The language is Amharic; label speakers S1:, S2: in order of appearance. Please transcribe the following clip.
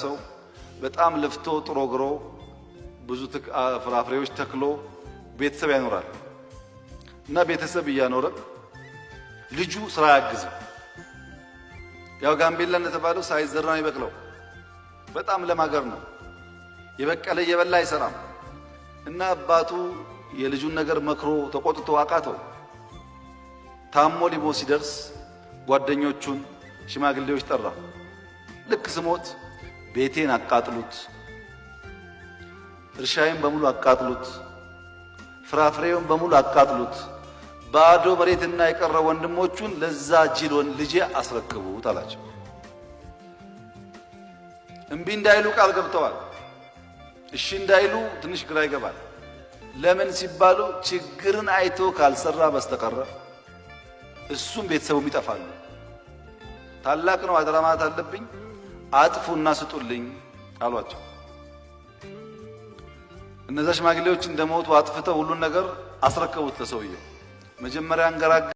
S1: ሰው በጣም ለፍቶ ጥሮ ግሮ ብዙ ፍራፍሬዎች ተክሎ ቤተሰብ ያኖራል እና ቤተሰብ እያኖረ ልጁ ስራ አያግዝም። ያው ጋምቤላ እንደተባለው ሳይዘራ ነው ይበቅለው። በጣም ለማገር ነው። የበቀለ እየበላ አይሰራም እና አባቱ የልጁን ነገር መክሮ ተቆጥቶ አቃተው። ታሞ ሊሞ ሲደርስ ጓደኞቹን ሽማግሌዎች ጠራ። ልክ ስሞት ቤቴን አቃጥሉት፣ እርሻዬን በሙሉ አቃጥሉት፣ ፍራፍሬውን በሙሉ አቃጥሉት፣ ባዶ መሬትና የቀረ ወንድሞቹን ለዛ ጅሎን ልጄ አስረክቡት አላቸው። እምቢ እንዳይሉ ቃል ገብተዋል። እሺ እንዳይሉ ትንሽ ግራ ይገባል። ለምን ሲባሉ ችግርን አይቶ ካልሰራ በስተቀረ እሱም ቤተሰቡም ይጠፋሉ። ታላቅ ነው። አደራ ማለት አለብኝ። አጥፉና ስጡልኝ አሏቸው። እነዛ ሽማግሌዎች እንደሞቱ አጥፍተው ሁሉን ነገር አስረከቡት ለሰውየው መጀመሪያ